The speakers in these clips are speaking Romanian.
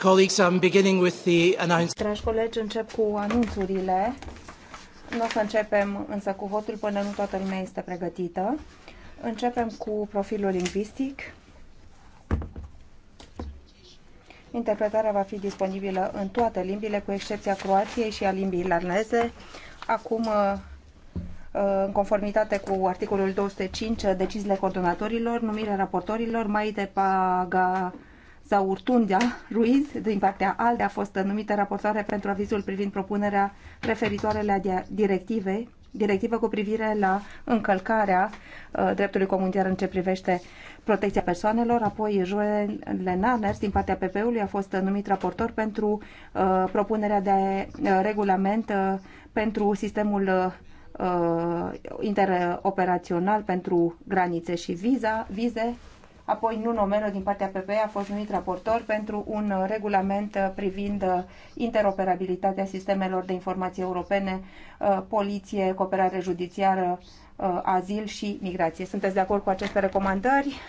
Colleagues, I'm beginning with the announcement. Dragi colegi, încep cu anunțurile. Nu o să începem însă cu votul până nu toată lumea este pregătită. Începem cu profilul lingvistic. Interpretarea va fi disponibilă în toate limbile, cu excepția Croației și a limbii irlandeze. Acum, uh, uh, în conformitate cu articolul 205, deciziile coordonatorilor, numirea raportorilor, mai departe sau Urtundia Ruiz, din partea ALDE, a fost numită raportoare pentru avizul privind propunerea referitoare la directive, directivă cu privire la încălcarea uh, dreptului comunitar în ce privește protecția persoanelor, apoi Joel Lenaners din partea PP-ului a fost numit raportor pentru uh, propunerea de uh, regulament uh, pentru sistemul uh, uh, interoperațional pentru granițe și viza, vize, Apoi Nuno Melo din partea PPE a fost numit raportor pentru un uh, regulament uh, privind uh, interoperabilitatea sistemelor de informații europene, poliție, cooperare judiciară, azil și migrație. Sunteți de acord cu aceste recomandări?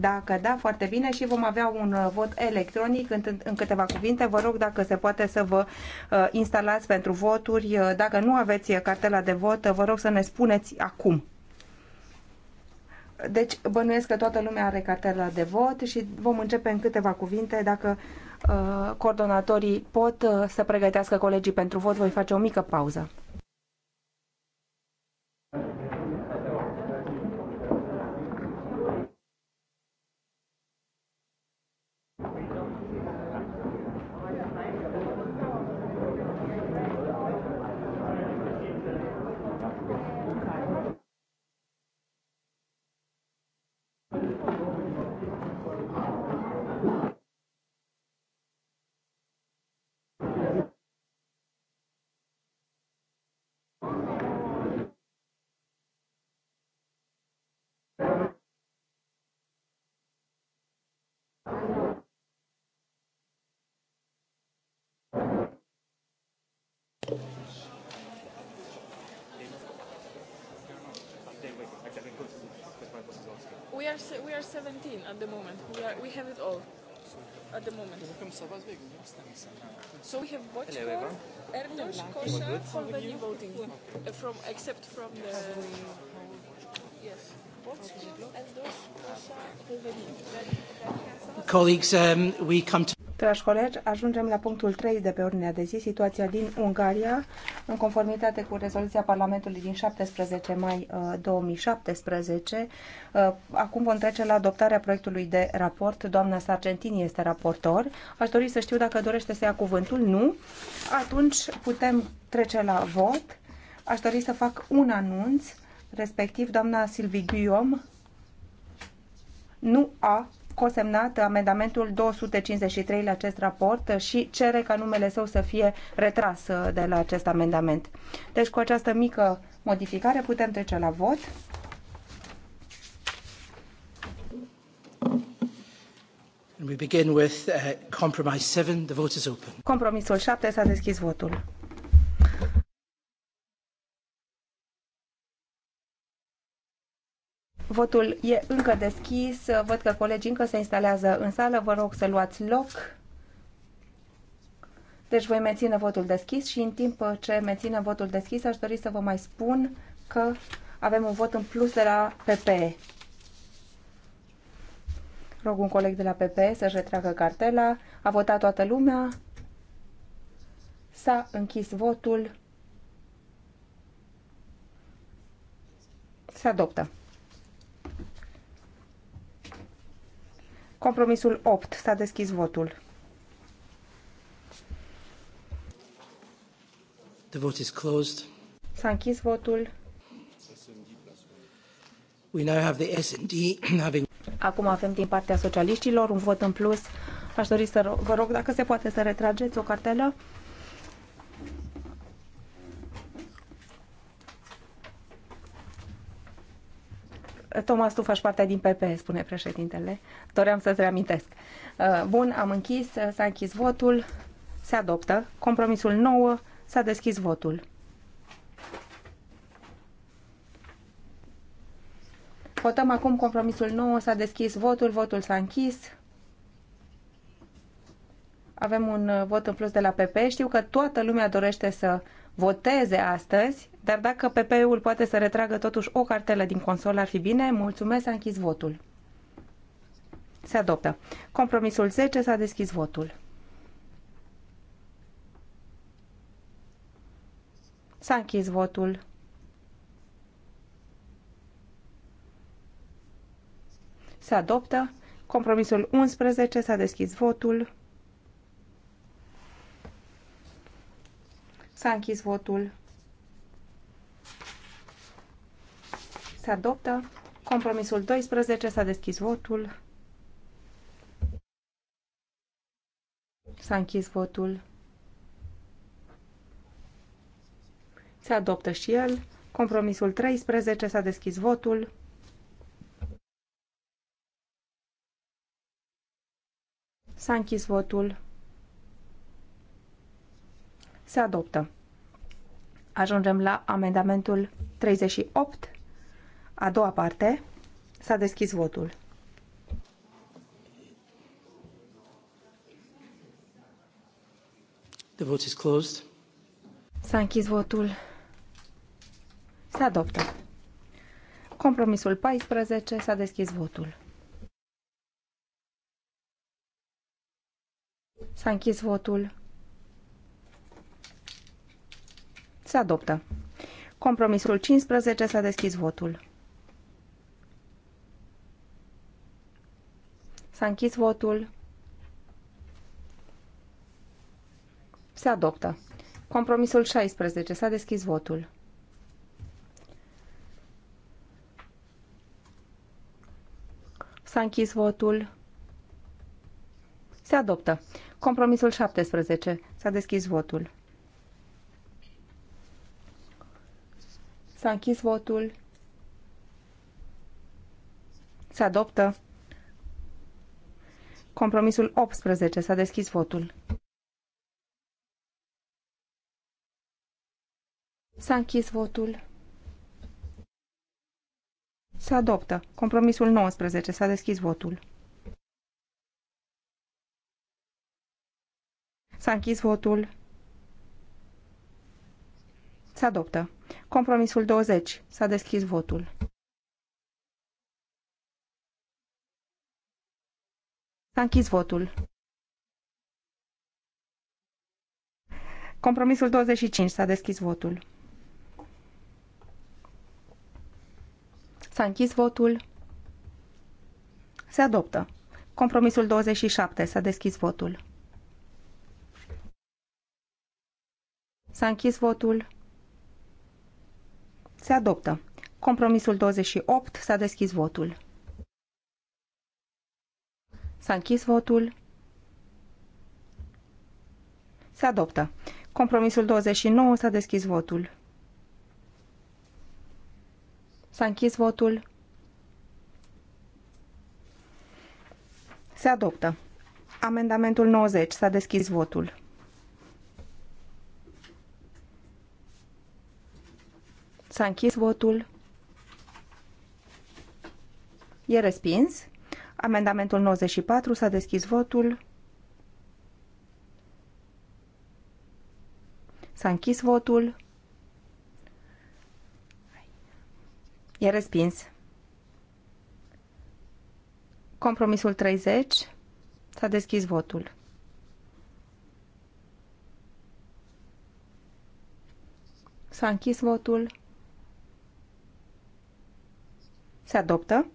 Dacă da, foarte bine și vom avea un vot electronic în, în câteva cuvinte. Vă rog dacă se poate să vă uh, instalați pentru voturi. Dacă nu aveți cartela de vot, vă rog să ne spuneți acum. Deci bănuiesc că toată lumea are cartela de vot și vom începe în câteva cuvinte. Dacă uh, coordonatorii pot uh, să pregătească colegii pentru vot, voi face o mică pauză. are we are 17 at the moment. We are we have it all at the moment. So we have Bochkov, Erdos, Kosha for the new voting, uh, from except from the yes. Colleagues, um, we come to Dragi colegi, ajungem la punctul 3 de pe ordinea de zi, situația din Ungaria, în conformitate cu rezoluția Parlamentului din 17 mai 2017. Uh, uh, acum vom trece la adoptarea proiectului de raport. Doamna Sargentini este raportor. Aș dori să știu dacă dorește să ia cuvântul. Nu. Atunci putem trece la vot. Aș dori să fac un anunț, respectiv doamna Silvi Guillaume nu a cosemnat amendamentul 253 la acest raport și cere ca numele său să fie retras uh, de la acest amendament. Deci cu această mică modificare putem trece la vot. We begin with uh, compromise 7. The vote is open. Compromisul 7 s-a deschis votul. Votul e încă deschis. Văd că colegii încă se instalează în sală. Vă rog să luați loc. Deci voi menține votul deschis și în timp ce menține votul deschis aș dori să vă mai spun că avem un vot în plus de la PPE. Rog un coleg de la PPE să-și retragă cartela. A votat toată lumea. S-a închis votul. Se adoptă. Compromisul 8. S-a deschis votul. The vote is closed. S-a închis votul. We now have the S&D having... Acum avem din partea socialiștilor un vot în plus. Aș dori să vă rog dacă se poate să retrageți o cartelă. Thomas, tu faci partea din PP, spune președintele. Doream să-ți reamintesc. Uh, bun, am închis, uh, s-a închis votul, se adoptă. Compromisul 9, s-a deschis votul. Votăm acum compromisul 9, s-a deschis votul, votul s-a închis. Avem un uh, vot în plus de la PP. Știu că toată lumea dorește să voteze astăzi, dar dacă PP-ul poate să retragă totuși o cartelă din consolă, ar fi bine. Mulțumesc, s-a închis votul. Se adoptă. Compromisul 10 s-a deschis votul. S-a închis votul. Se adoptă. Compromisul 11 s-a deschis votul. S-a închis votul. Se adoptă. Compromisul 12. S-a deschis votul. S-a închis votul. Se adoptă și el. Compromisul 13. S-a deschis votul. S-a închis votul. Se adoptă. Ajungem la amendamentul 38, a doua parte. S-a deschis votul. The vote is closed. S-a închis votul. Se adoptă. Compromisul 14. S-a deschis votul. S-a închis votul. Se adoptă. Compromisul 15 s-a deschis votul. S-a închis votul. Se adoptă. Compromisul 16 s-a deschis votul. S-a închis votul. Se adoptă. Compromisul 17. S-a deschis votul. S-a închis votul. Se adoptă. Compromisul 18. S-a deschis votul. S-a închis votul. Se adoptă. Compromisul 19. S-a deschis votul. S-a închis votul. Se adoptă. Compromisul 20. S-a deschis votul. S-a închis votul. Compromisul 25. S-a deschis votul. S-a închis votul. Se adoptă. Compromisul 27. S-a deschis votul. S-a închis votul. Se adoptă. Compromisul 28. S-a deschis votul. S-a închis votul. Se adoptă. Compromisul 29. S-a deschis votul. S-a închis votul. Se adoptă. Amendamentul 90. S-a deschis votul. S-a închis votul. E respins. Amendamentul 94 s-a deschis votul. S-a închis votul. E respins. Compromisul 30 s-a deschis votul. S-a închis votul. Se adoptă.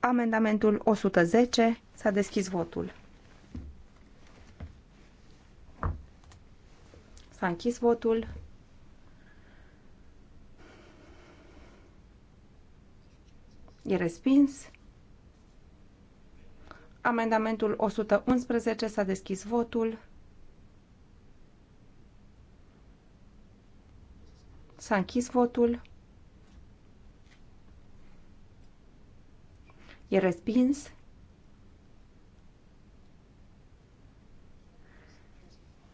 Amendamentul 110. S-a deschis votul. S-a închis votul. E respins. Amendamentul 111 s-a deschis votul. S-a închis votul. E respins.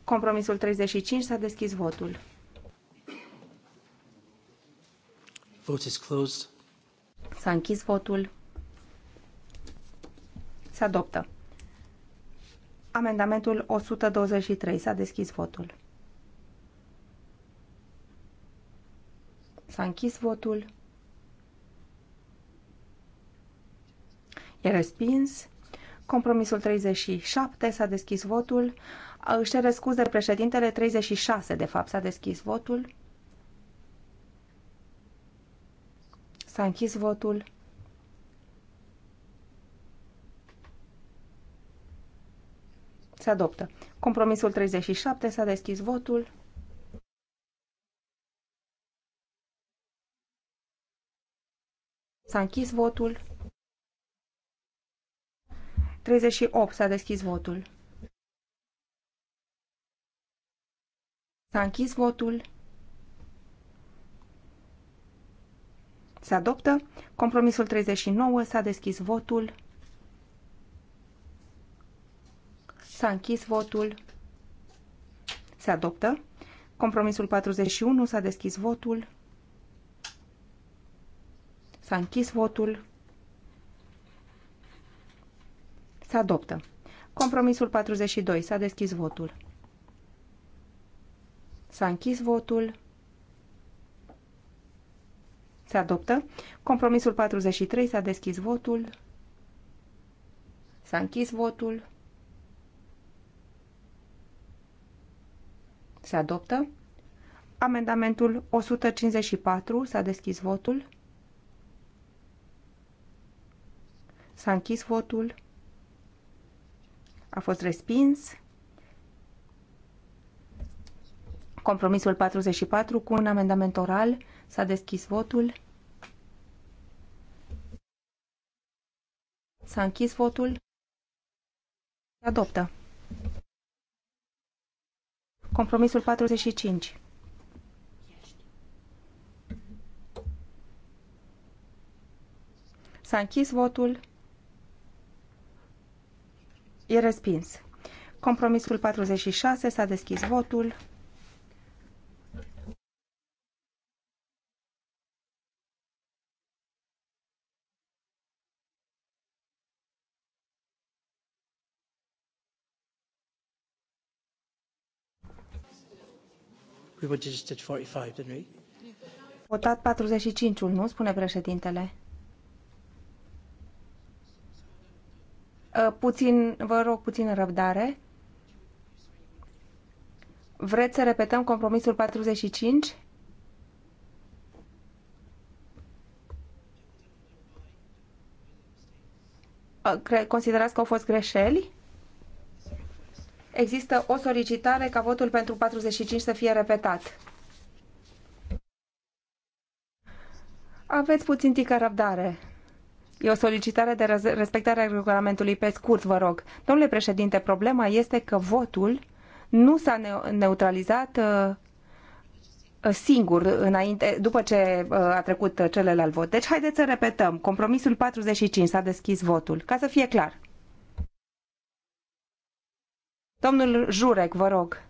Compromisul 35 s-a deschis votul. Vote is closed. S-a închis votul. Se adoptă. Amendamentul 123 s-a deschis votul. S-a închis votul. E respins. Compromisul 37 s-a deschis votul. Își cere scuze președintele 36, de fapt, s-a deschis votul. S-a închis votul. Se adoptă. Compromisul 37 s-a deschis votul. S-a închis votul. 38. S-a deschis votul. S-a închis votul. Se adoptă. Compromisul 39. S-a deschis votul. S-a închis votul. Se adoptă. Compromisul 41. S-a deschis votul. S-a închis votul. Se adoptă. Compromisul 42. S-a deschis votul. S-a închis votul. Se adoptă. Compromisul 43. S-a deschis votul. S-a închis votul. Se adoptă. Amendamentul 154. S-a deschis votul. S-a închis votul a fost respins. Compromisul 44 cu un amendament oral s-a deschis votul. S-a închis votul. Adoptă. Compromisul 45. S-a închis votul. E respins. Compromisul 46 s-a deschis votul. We were just at 45, didn't we? Votat 45-ul, nu? Spune președintele. Uh, puțin, vă rog puțin răbdare. Vreți să repetăm compromisul 45? Uh, considerați că au fost greșeli? Există o solicitare ca votul pentru 45 să fie repetat. Aveți puțin tică răbdare. E o solicitare de respectare a regulamentului pe scurt, vă rog. Domnule președinte, problema este că votul nu s-a neutralizat uh, uh, singur înainte, după ce uh, a trecut celălalt vot. Deci haideți să repetăm. Compromisul 45 s-a deschis votul, ca să fie clar. Domnul Jurec, vă rog.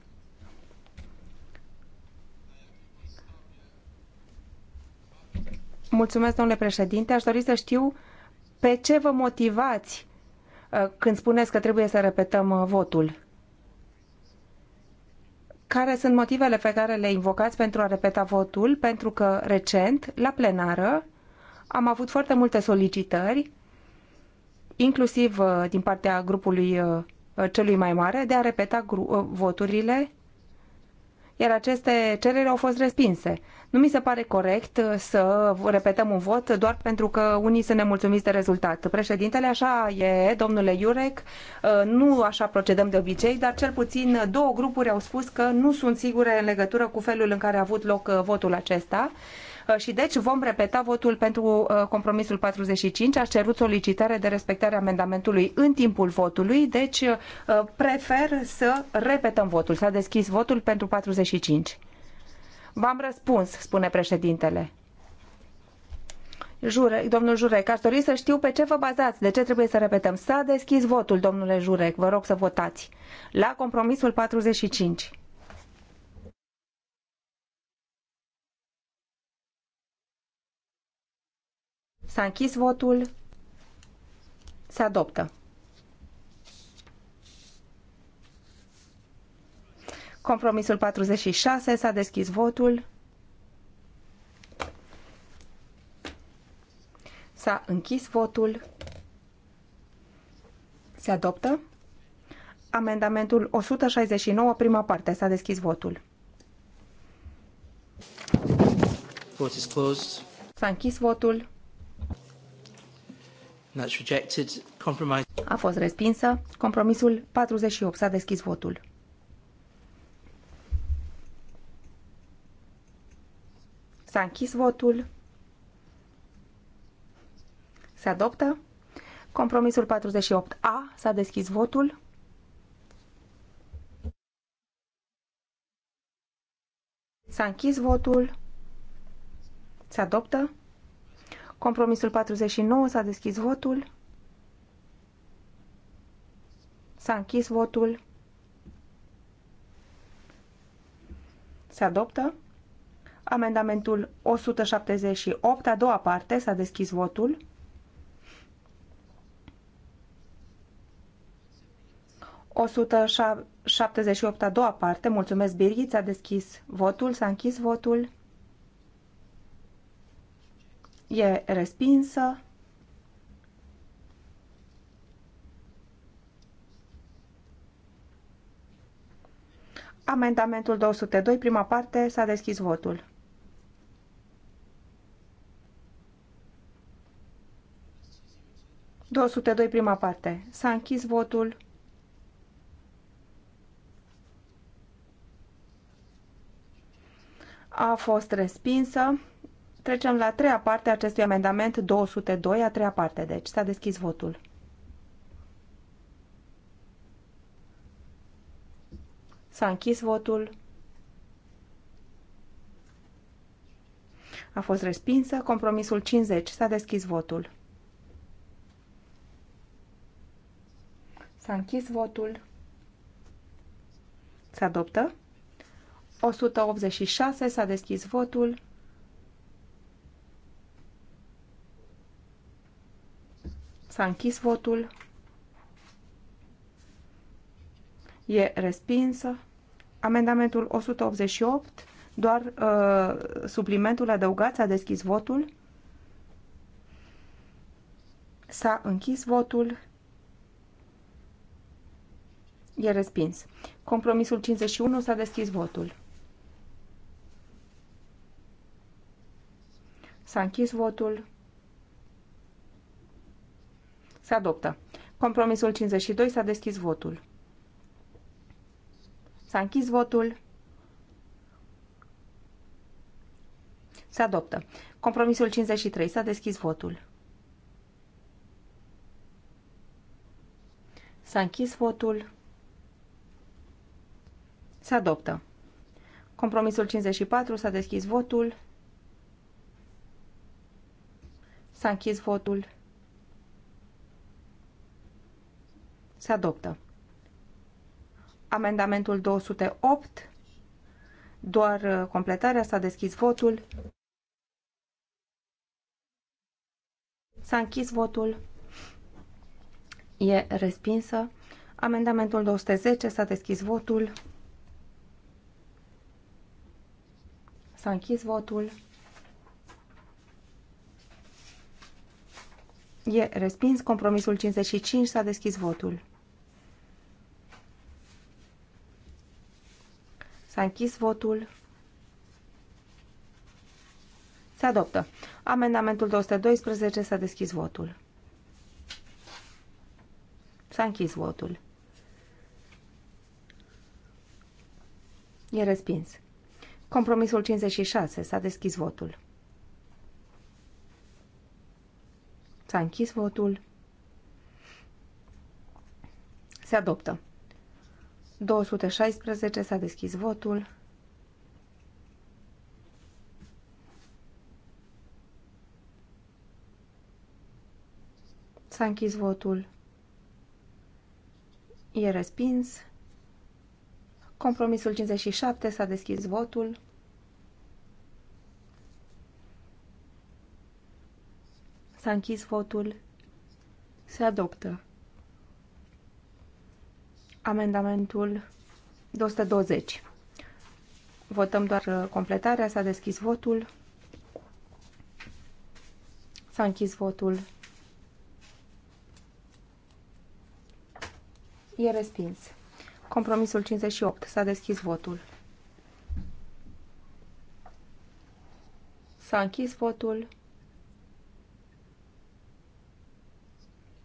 Mulțumesc, domnule președinte. Aș dori să știu pe ce vă motivați uh, când spuneți că trebuie să repetăm uh, votul? Care sunt motivele pe care le invocați pentru a repeta votul? Pentru că recent, la plenară, am avut foarte multe solicitări, inclusiv uh, din partea grupului celui mai mare, de a repeta voturile, iar aceste cereri au fost respinse. Nu mi se pare corect uh, să repetăm un vot doar pentru că unii sunt nemulțumiți de rezultat. Președintele, așa e, domnule Iurec, uh, nu așa procedăm de obicei, dar cel puțin două grupuri au spus că nu sunt sigure în legătură cu felul în care a avut loc uh, votul acesta și deci vom repeta votul pentru compromisul 45. A cerut solicitare de respectare amendamentului în timpul votului, deci prefer să repetăm votul. S-a deschis votul pentru 45. V-am răspuns, spune președintele. Jurec, domnul Jurec, aș dori să știu pe ce vă bazați, de ce trebuie să repetăm. S-a deschis votul, domnule Jurec, vă rog să votați. La compromisul 45. S-a închis votul. Se adoptă. Compromisul 46 s-a deschis votul. S-a închis votul. Se adoptă. Amendamentul 169, prima parte. S-a deschis votul. Vote is closed. S-a închis votul. That's rejected. Compromise. A fost respinsă. Compromisul 48. S-a deschis votul. S-a închis votul. Se adoptă. Compromisul 48A. S-a deschis votul. S-a închis votul. Se adoptă. Compromisul 49. S-a deschis votul. S-a închis votul. Se adoptă. Amendamentul 178, a doua parte, s-a deschis votul. ...178 a doua parte, mulțumesc Birgit, s-a deschis votul, s-a închis votul, e respinsă. Amendamentul 202, prima parte, s-a deschis votul. 202 prima parte. S-a închis votul. A fost respinsă. Trecem la a treia parte a acestui amendament, 202, a treia parte, deci s-a deschis votul. S-a închis votul. A fost respinsă. Compromisul 50. S-a deschis votul. S-a închis votul. Se adoptă. 186. S-a deschis votul. S-a închis votul. E respinsă. Amendamentul 188, doar uh, suplimentul adăugat, s-a deschis votul. S-a închis votul. E respins. Compromisul 51 s-a deschis votul. S-a închis votul. Se adoptă. Compromisul 52 s-a deschis votul. S-a închis votul. Se adoptă. Compromisul 53 s-a deschis votul. S-a închis votul. Se adoptă. Compromisul 54. S-a deschis votul. S-a închis votul. Se adoptă. Amendamentul 208. Doar uh, completarea. S-a deschis votul. S-a închis votul. E respinsă. Amendamentul 210. S-a deschis votul. S-a închis votul. E respins. Compromisul 55 s-a deschis votul. S-a închis votul. Se adoptă. Amendamentul 212 s-a deschis votul. S-a închis votul. E respins. Compromisul 56. S-a deschis votul. S-a închis votul. Se adoptă. 216. S-a deschis votul. S-a închis votul. E respins. Compromisul 57 s-a deschis votul. S-a închis votul. Se adoptă. Amendamentul 220. Votăm doar uh, completarea. S-a deschis votul. S-a închis votul. E respins. Compromisul 58. S-a deschis votul. S-a închis votul.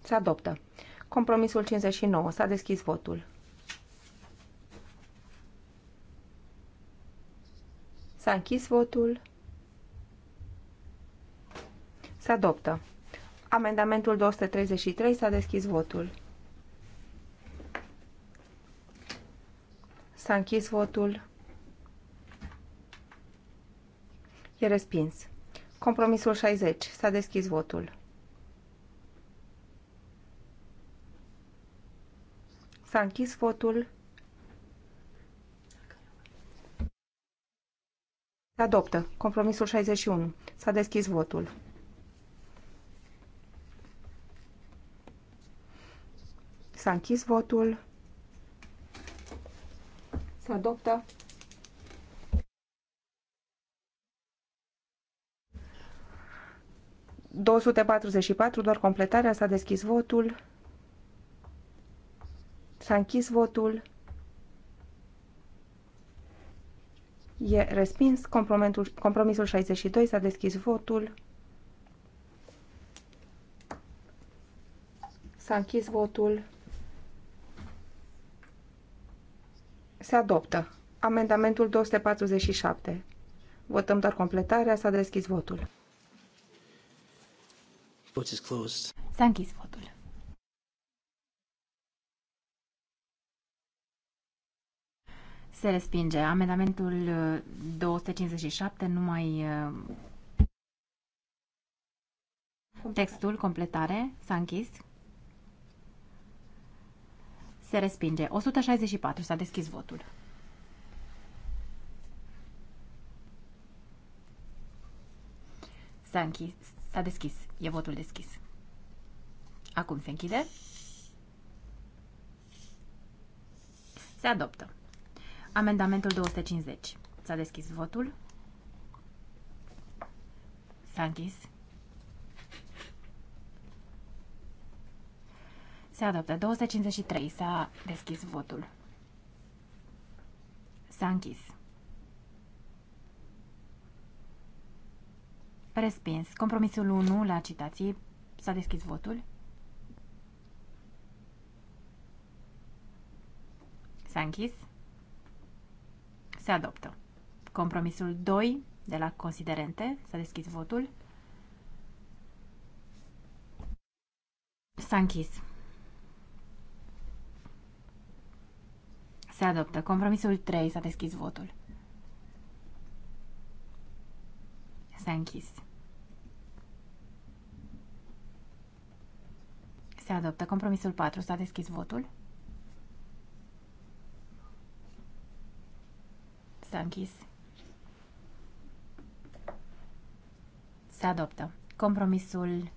Se adoptă. Compromisul 59. S-a deschis votul. S-a închis votul. Se adoptă. Amendamentul 233 s-a deschis votul. S-a închis votul. E respins. Compromisul 60. S-a deschis votul. S-a închis votul. Se adoptă. Compromisul 61. S-a deschis votul. S-a închis votul să adoptă. patru doar completarea, s-a deschis votul, s-a închis votul, e respins, compromisul 62 s-a deschis votul, s-a închis votul. Se adoptă. Amendamentul 247. Votăm doar completarea. S-a deschis votul. Vote is closed. S-a închis votul. Se respinge. Amendamentul 257 nu mai... Textul, completare, s-a închis. Se respinge. 164. S-a deschis votul. S-a închis. S-a deschis. E votul deschis. Acum se închide. Se adoptă. Amendamentul 250. S-a deschis votul. S-a închis. Se adoptă. 253. S-a deschis votul. S-a închis. Respins. Compromisul 1 la citații. S-a deschis votul. S-a închis. Se adoptă. Compromisul 2 de la considerente. S-a deschis votul. S-a închis. Se adoptă. Compromisul 3. S-a deschis votul. S-a închis. Se adoptă. Compromisul 4. S-a deschis votul. S-a închis. Se adoptă. Compromisul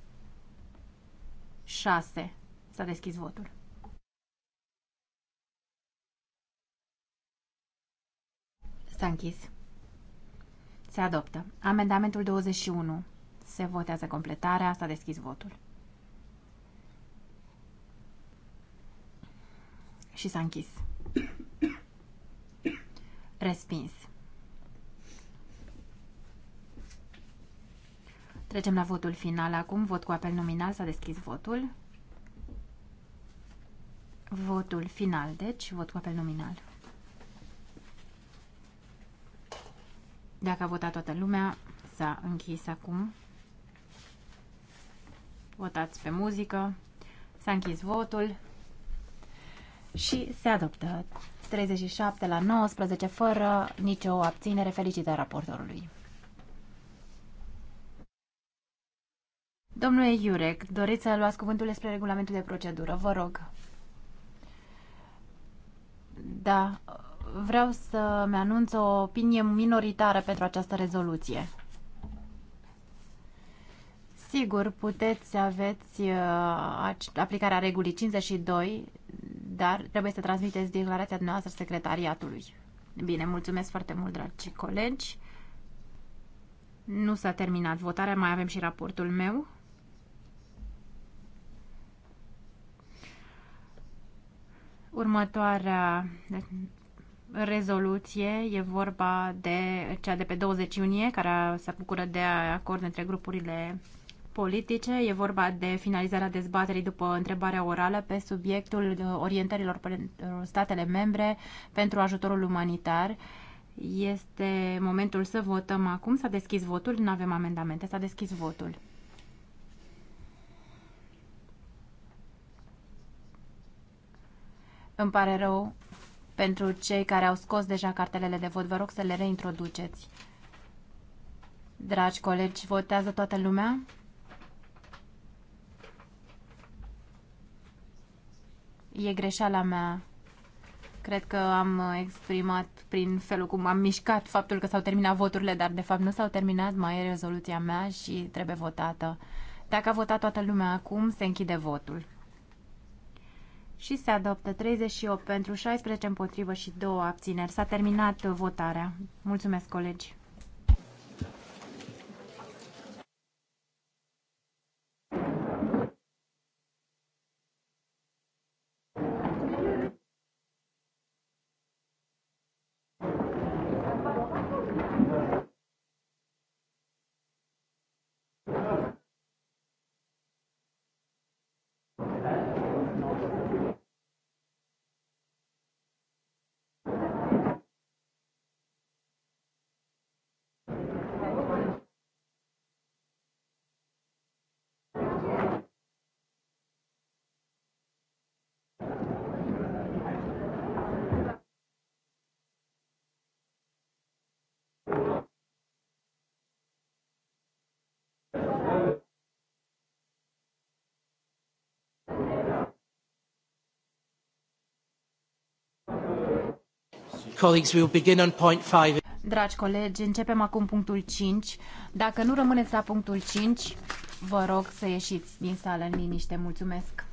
6. S-a deschis votul. S-a închis. Se adoptă. Amendamentul 21. Se votează completarea. S-a deschis votul. Și s-a închis. Respins. Trecem la votul final acum. Vot cu apel nominal. S-a deschis votul. Votul final, deci, vot cu apel nominal. Dacă a votat toată lumea, s-a închis acum. Votați pe muzică. S-a închis votul și se adoptă 37 la 19 fără nicio abținere. Felicitări raportorului. Domnule Iurec, doriți să luați cuvântul despre regulamentul de procedură. Vă rog. Da, vreau să-mi anunț o opinie minoritară pentru această rezoluție. Sigur, puteți aveți uh, aplicarea regulii 52, dar trebuie să transmiteți declarația dumneavoastră secretariatului. Bine, mulțumesc foarte mult, dragi colegi. Nu s-a terminat votarea, mai avem și raportul meu. Următoarea rezoluție e vorba de cea de pe 20 iunie, care se bucură de acord între grupurile politice. E vorba de finalizarea dezbaterii după întrebarea orală pe subiectul orientărilor pentru statele membre pentru ajutorul umanitar. Este momentul să votăm acum. S-a deschis votul, nu avem amendamente, s-a deschis votul. Îmi pare rău, pentru cei care au scos deja cartelele de vot. Vă rog să le reintroduceți. Dragi colegi, votează toată lumea? E greșeala mea. Cred că am exprimat prin felul cum am mișcat faptul că s-au terminat voturile, dar de fapt nu s-au terminat, mai e rezoluția mea și trebuie votată. Dacă a votat toată lumea acum, se închide votul și se adoptă 38 pentru 16 împotrivă și 2 abțineri. S-a terminat votarea. Mulțumesc, colegi! Colleagues, we'll begin on point five. Dragi colegi, începem acum punctul 5. Dacă nu rămâneți la punctul 5, vă rog să ieșiți din sală în liniște. Mulțumesc!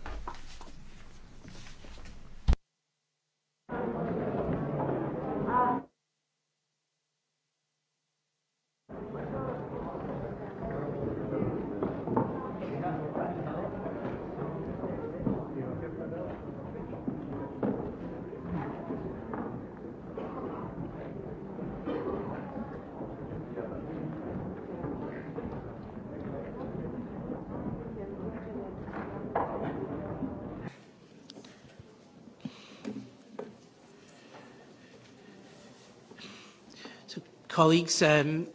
Colleagues, um,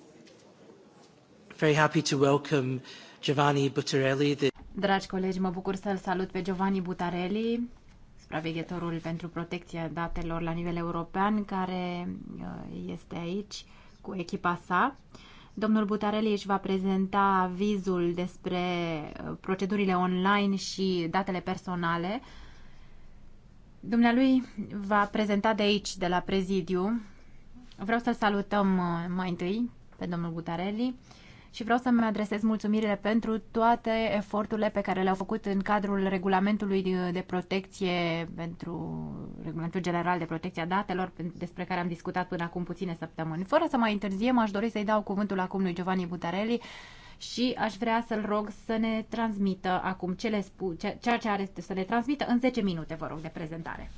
very happy to welcome Giovanni Buttarelli. The... Dragi colegi, mă bucur să-l salut pe Giovanni Buttarelli, supraveghetorul pentru protecția datelor la nivel european, care uh, este aici cu echipa sa. Domnul Butarelli își va prezenta vizul despre uh, procedurile online și datele personale. Dumnealui va prezenta de aici, de la prezidiu, Vreau să salutăm uh, mai întâi pe domnul Butarelli și vreau să-mi adresez mulțumirile pentru toate eforturile pe care le-au făcut în cadrul regulamentului uh, de protecție pentru regulamentul general de protecție a datelor despre care am discutat până acum puține săptămâni. Fără să mai întârziem, aș dori să-i dau cuvântul acum lui Giovanni Butarelli și aș vrea să-l rog să ne transmită acum ce le spu- ceea ce are să le transmită în 10 minute, vă rog, de prezentare.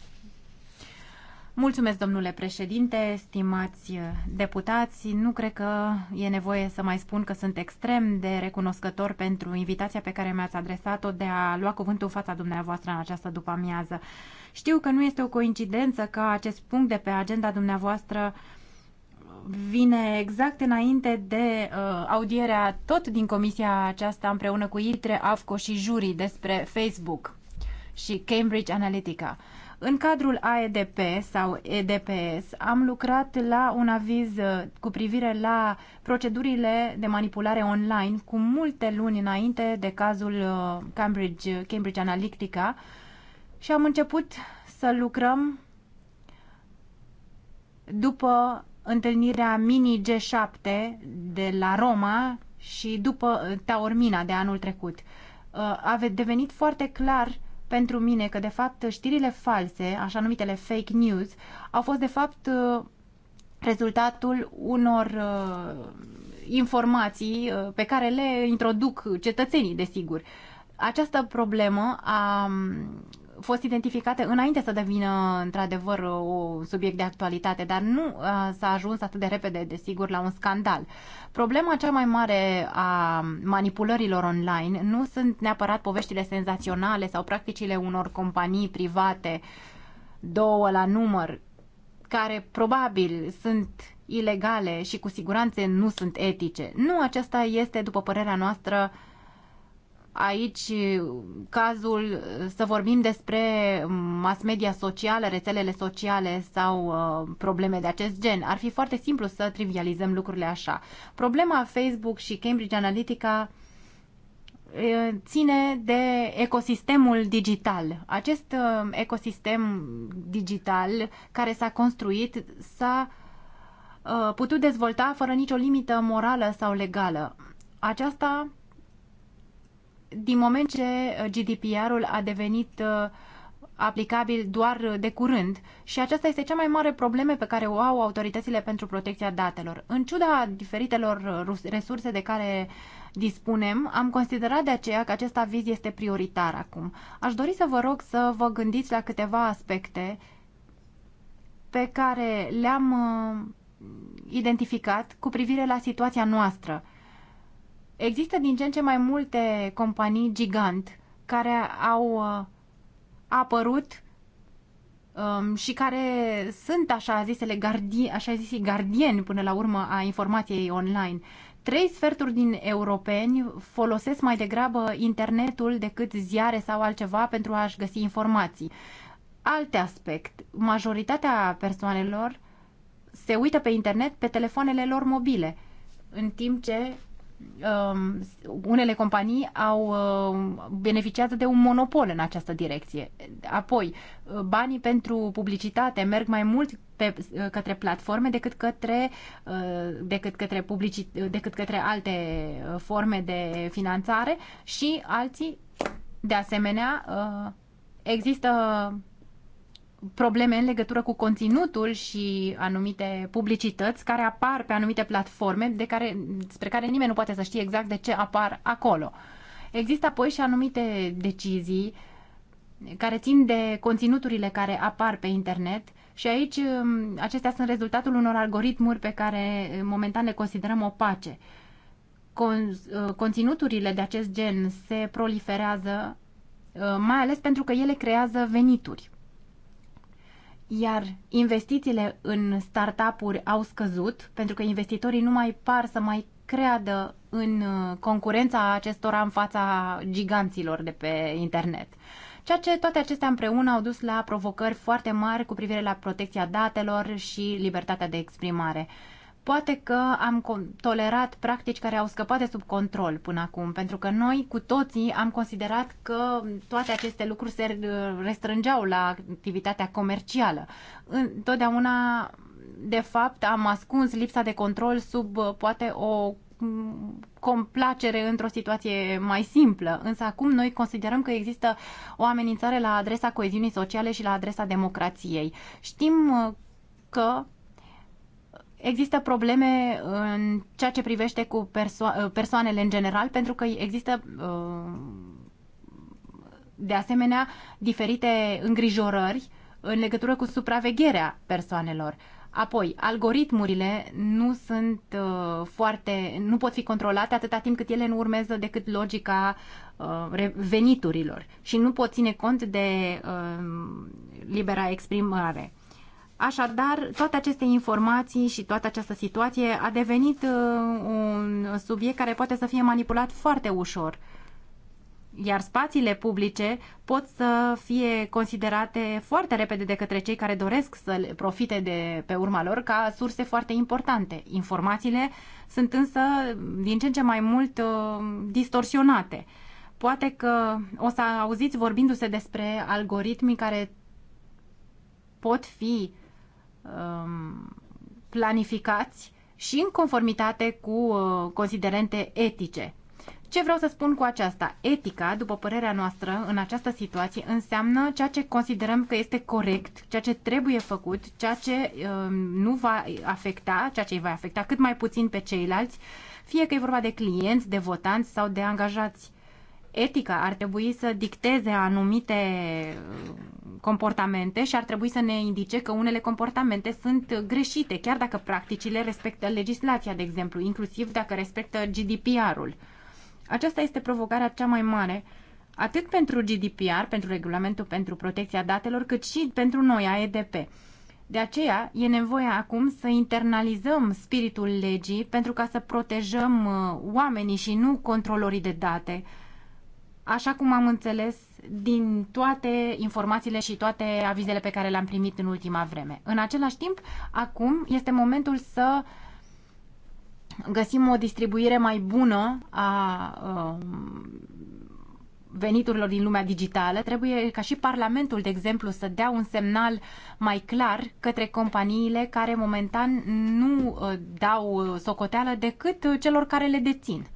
Mulțumesc, domnule președinte, stimați uh, deputați. Nu cred că e nevoie să mai spun că sunt extrem de recunoscător pentru invitația pe care mi-ați adresat-o de a lua cuvântul în fața dumneavoastră în această după-amiază. Știu că nu este o coincidență că acest punct de pe agenda dumneavoastră vine exact înainte de uh, audierea tot din comisia aceasta împreună cu ITRE, AFCO și jurii despre Facebook și Cambridge Analytica. În cadrul AEDP sau EDPS am lucrat la un aviz uh, cu privire la procedurile de manipulare online cu multe luni înainte de cazul uh, Cambridge, uh, Cambridge Analytica și am început să lucrăm după întâlnirea mini G7 de la Roma și după Taormina de anul trecut. A devenit foarte clar pentru mine că, de fapt, știrile false, așa numitele fake news, au fost, de fapt, rezultatul unor uh, informații uh, pe care le introduc cetățenii, desigur. Această problemă a fost identificate înainte să devină într-adevăr un subiect de actualitate, dar nu s-a ajuns atât de repede, desigur, la un scandal. Problema cea mai mare a manipulărilor online nu sunt neapărat poveștile senzaționale sau practicile unor companii private, două la număr, care probabil sunt ilegale și cu siguranță nu sunt etice. Nu, acesta este, după părerea noastră, uh, aici cazul să vorbim despre mass media socială, rețelele sociale sau uh, probleme de acest gen. Ar fi foarte simplu să trivializăm lucrurile așa. Problema Facebook și Cambridge Analytica ține de ecosistemul digital. Acest ecosistem digital care s-a construit s-a putut dezvolta fără nicio limită morală sau legală. Aceasta din moment ce uh, GDPR-ul a devenit uh, aplicabil doar de curând și aceasta este cea mai mare problemă pe care o au autoritățile pentru protecția datelor. În ciuda diferitelor uh, resurse de care dispunem, am considerat de aceea că acest aviz este prioritar acum. Aș dori să vă rog să vă gândiți la câteva aspecte pe care le-am identificat cu privire la situația noastră Există din ce în ce mai multe companii gigant care au uh, apărut um, și care sunt așa zisele gardi, așa zisii, gardieni până la urmă a informației online. Trei sferturi din europeni folosesc mai degrabă internetul decât ziare sau altceva pentru a-și găsi informații. Alte aspect, majoritatea persoanelor se uită pe internet pe telefoanele lor mobile, în timp ce Um, unele companii au um, beneficiat de un monopol în această direcție. Apoi, uh, banii pentru publicitate merg mai mult pe, uh, către platforme decât către, uh, decât, către publici, decât către alte forme de finanțare și alții, de asemenea, există probleme în legătură cu conținutul și anumite publicități care apar pe anumite platforme de care, despre care nimeni nu poate să știe exact de ce apar acolo. Există apoi și anumite decizii care țin de conținuturile care apar pe internet și aici um, acestea sunt rezultatul unor algoritmuri pe care uh, momentan le considerăm opace. Con, uh, conținuturile de acest gen se proliferează uh, mai ales pentru că ele creează venituri iar investițiile în startup-uri au scăzut, pentru că investitorii nu mai par să mai creadă în uh, concurența acestora în fața giganților de pe internet. Ceea ce toate acestea împreună au dus la provocări foarte mari cu privire la protecția datelor și libertatea de exprimare. Poate că am tolerat practici care au scăpat de sub control până acum, pentru că noi cu toții am considerat că toate aceste lucruri se uh, restrângeau la activitatea comercială. Întotdeauna, de fapt, am ascuns lipsa de control sub uh, poate o mm, complacere într-o situație mai simplă. Însă acum noi considerăm că există o amenințare la adresa coeziunii sociale și la adresa democrației. Știm uh, că Există probleme în ceea ce privește cu perso- persoanele în general, pentru că există uh, de asemenea diferite îngrijorări în legătură cu supravegherea persoanelor. Apoi, algoritmurile nu sunt uh, foarte, nu pot fi controlate atâta timp cât ele nu urmează decât logica uh, veniturilor și nu pot ține cont de uh, libera exprimare. Așadar, toate aceste informații și toată această situație a devenit uh, un subiect care poate să fie manipulat foarte ușor. Iar spațiile publice pot să fie considerate foarte repede de către cei care doresc să le profite de pe urma lor ca surse foarte importante. Informațiile sunt însă din ce în ce mai mult uh, distorsionate. Poate că o să auziți vorbindu-se despre algoritmii care pot fi um, planificați și în conformitate cu uh, considerente etice. Ce vreau să spun cu aceasta? Etica, după părerea noastră, în această situație înseamnă ceea ce considerăm că este corect, ceea ce trebuie făcut, ceea ce uh, nu va afecta, ceea ce îi va afecta cât mai puțin pe ceilalți, fie că e vorba de clienți, de votanți sau de angajați etica ar trebui să dicteze anumite uh, comportamente și ar trebui să ne indice că unele comportamente sunt greșite, chiar dacă practicile respectă legislația, de exemplu, inclusiv dacă respectă GDPR-ul. Aceasta este provocarea cea mai mare, atât pentru GDPR, pentru Regulamentul pentru Protecția Datelor, cât și pentru noi, AEDP. De aceea e nevoie acum să internalizăm spiritul legii pentru ca să protejăm uh, oamenii și nu controlorii de date, Așa cum am înțeles din toate informațiile și toate avizele pe care le-am primit în ultima vreme. În același timp, acum este momentul să găsim o distribuire mai bună a um, veniturilor din lumea digitală. Trebuie ca și Parlamentul, de exemplu, să dea un semnal mai clar către companiile care momentan nu uh, dau uh, socoteală decât uh, celor care le dețin.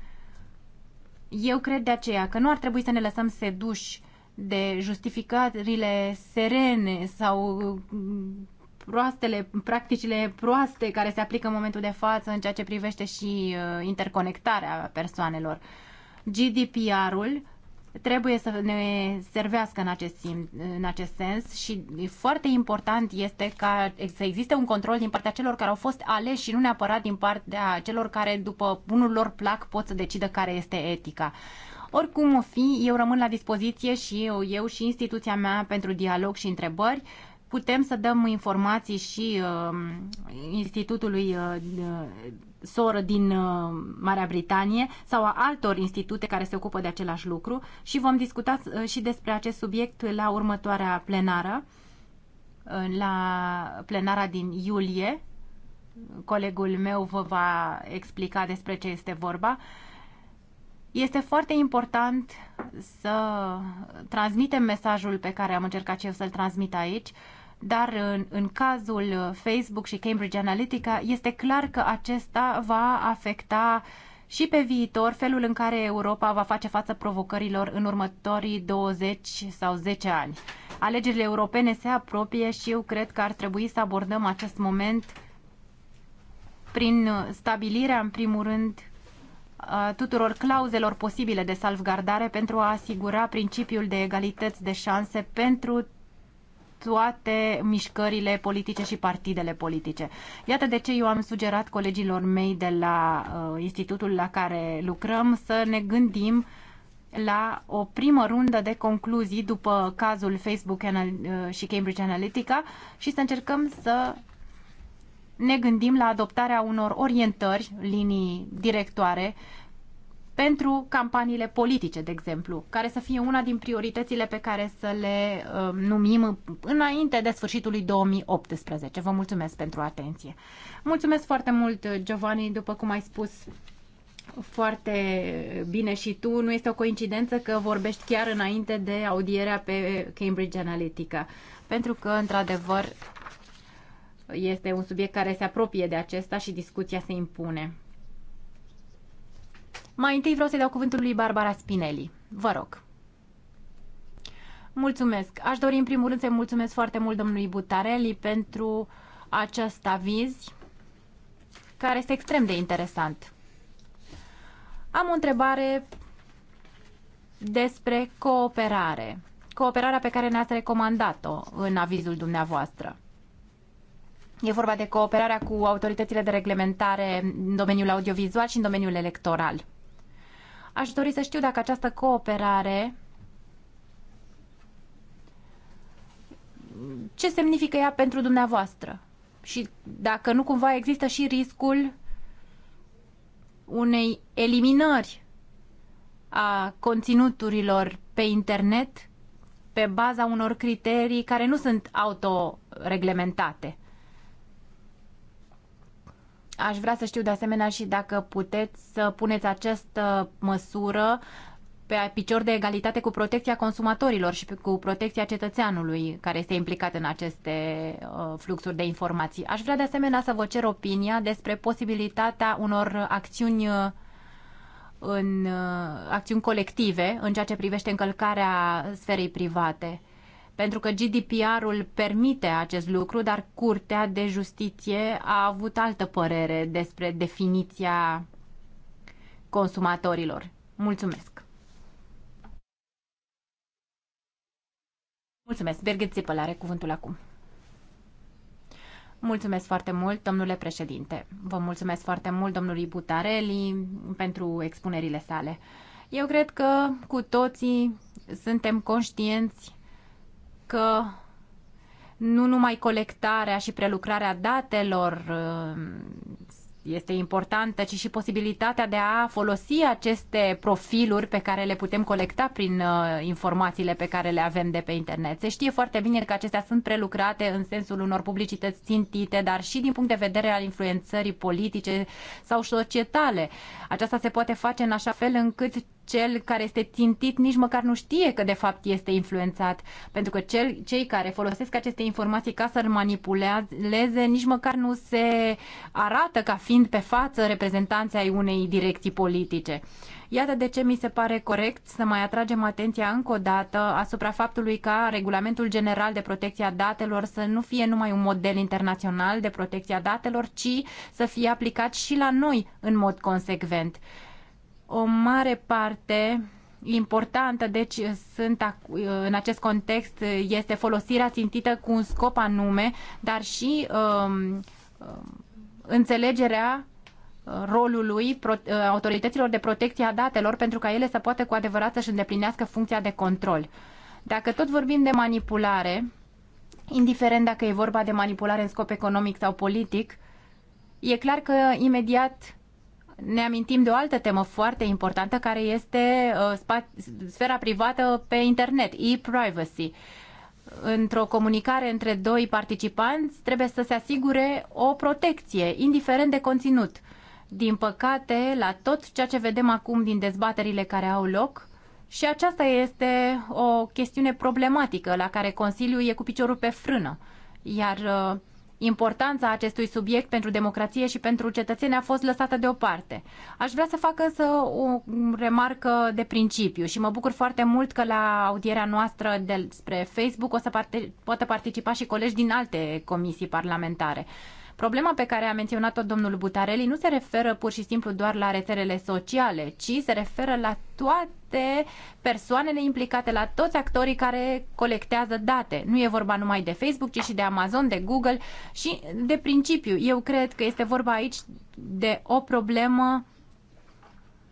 Eu cred de aceea că nu ar trebui să ne lăsăm seduși de justificările serene sau mm, proastele, practicile proaste care se aplică în momentul de față în ceea ce privește și uh, interconectarea persoanelor. GDPR-ul trebuie să ne servească în acest, sim, în acest sens și foarte important este ca să existe un control din partea celor care au fost aleși și nu neapărat din partea celor care după bunul lor plac pot să decidă care este etica. Oricum o fi, eu rămân la dispoziție și eu, eu și instituția mea pentru dialog și întrebări. Putem să dăm informații și uh, Institutului uh, soră din uh, Marea Britanie sau a altor institute care se ocupă de același lucru și vom discuta uh, și despre acest subiect la următoarea plenară, uh, la plenara din iulie. Colegul meu vă va explica despre ce este vorba. Este foarte important să transmitem mesajul pe care am încercat și eu să-l transmit aici, dar în, în cazul Facebook și Cambridge Analytica este clar că acesta va afecta și pe viitor felul în care Europa va face față provocărilor în următorii 20 sau 10 ani. Alegerile europene se apropie și eu cred că ar trebui să abordăm acest moment prin stabilirea, în primul rând, a tuturor clauzelor posibile de salvgardare pentru a asigura principiul de egalități de șanse pentru toate mișcările politice și partidele politice. Iată de ce eu am sugerat colegilor mei de la uh, institutul la care lucrăm să ne gândim la o primă rundă de concluzii după cazul Facebook uh, și Cambridge Analytica și să încercăm să ne gândim la adoptarea unor orientări, linii directoare pentru campaniile politice, de exemplu, care să fie una din prioritățile pe care să le uh, numim înainte de sfârșitul lui 2018. Vă mulțumesc pentru atenție. Mulțumesc foarte mult, Giovanni, după cum ai spus foarte bine și tu. Nu este o coincidență că vorbești chiar înainte de audierea pe Cambridge Analytica, pentru că, într-adevăr, este un subiect care se apropie de acesta și discuția se impune. Mai întâi vreau să-i dau cuvântul lui Barbara Spinelli. Vă rog. Mulțumesc. Aș dori în primul rând să-i mulțumesc foarte mult domnului Butarelli pentru acest aviz care este extrem de interesant. Am o întrebare despre cooperare. Cooperarea pe care ne-ați recomandat-o în avizul dumneavoastră. E vorba de cooperarea cu autoritățile de reglementare în domeniul audiovizual și în domeniul electoral. Aș dori să știu dacă această cooperare ce semnifică ea pentru dumneavoastră și dacă nu cumva există și riscul unei eliminări a conținuturilor pe internet pe baza unor criterii care nu sunt autoreglementate. Aș vrea să știu de asemenea și dacă puteți să puneți această măsură pe picior de egalitate cu protecția consumatorilor și cu protecția cetățeanului care este implicat în aceste uh, fluxuri de informații. Aș vrea de asemenea să vă cer opinia despre posibilitatea unor acțiuni uh, în uh, acțiuni colective în ceea ce privește încălcarea sferei private pentru că GDPR-ul permite acest lucru, dar Curtea de Justiție a avut altă părere despre definiția consumatorilor. Mulțumesc! Mulțumesc! Birgit Zipăl are cuvântul acum. Mulțumesc foarte mult, domnule președinte. Vă mulțumesc foarte mult, domnului Butareli, pentru expunerile sale. Eu cred că cu toții suntem conștienți că nu numai colectarea și prelucrarea datelor uh, este importantă, ci și posibilitatea de a folosi aceste profiluri pe care le putem colecta prin uh, informațiile pe care le avem de pe internet. Se știe foarte bine că acestea sunt prelucrate în sensul unor publicități țintite, dar și din punct de vedere al influențării politice sau societale. Aceasta se poate face în așa fel încât cel care este țintit nici măcar nu știe că de fapt este influențat, pentru că cel, cei care folosesc aceste informații ca să-l manipuleze nici măcar nu se arată ca fiind pe față reprezentanții ai unei direcții politice. Iată de ce mi se pare corect să mai atragem atenția încă o dată asupra faptului ca Regulamentul General de Protecție a Datelor să nu fie numai un model internațional de protecție a datelor, ci să fie aplicat și la noi în mod consecvent. O mare parte importantă, deci sunt în acest context este folosirea țintită cu un scop anume, dar și um, um înțelegerea rolului autorităților de protecție a datelor pentru ca ele să poată cu adevărat să-și îndeplinească funcția de control. Dacă tot vorbim de manipulare, indiferent dacă e vorba de manipulare în scop economic sau politic, e clar că imediat ne amintim de o altă temă foarte importantă care este uh, sfera privată pe internet, e-privacy. Într-o comunicare între doi participanți trebuie să se asigure o protecție, indiferent de conținut. Din păcate, la tot ceea ce vedem acum din dezbaterile care au loc, și aceasta este o chestiune problematică la care Consiliul e cu piciorul pe frână. Iar uh, Importanța acestui subiect pentru democrație și pentru cetățeni a fost lăsată deoparte. Aș vrea să fac însă o remarcă de principiu și mă bucur foarte mult că la audierea noastră despre Facebook o să parte, poată participa și colegi din alte comisii parlamentare. Problema pe care a menționat-o domnul Butarelli nu se referă pur și simplu doar la rețelele sociale, ci se referă la toate toate persoanele implicate, la toți actorii care colectează date. Nu e vorba numai de Facebook, ci și de Amazon, de Google și de principiu. Eu cred că este vorba aici de o problemă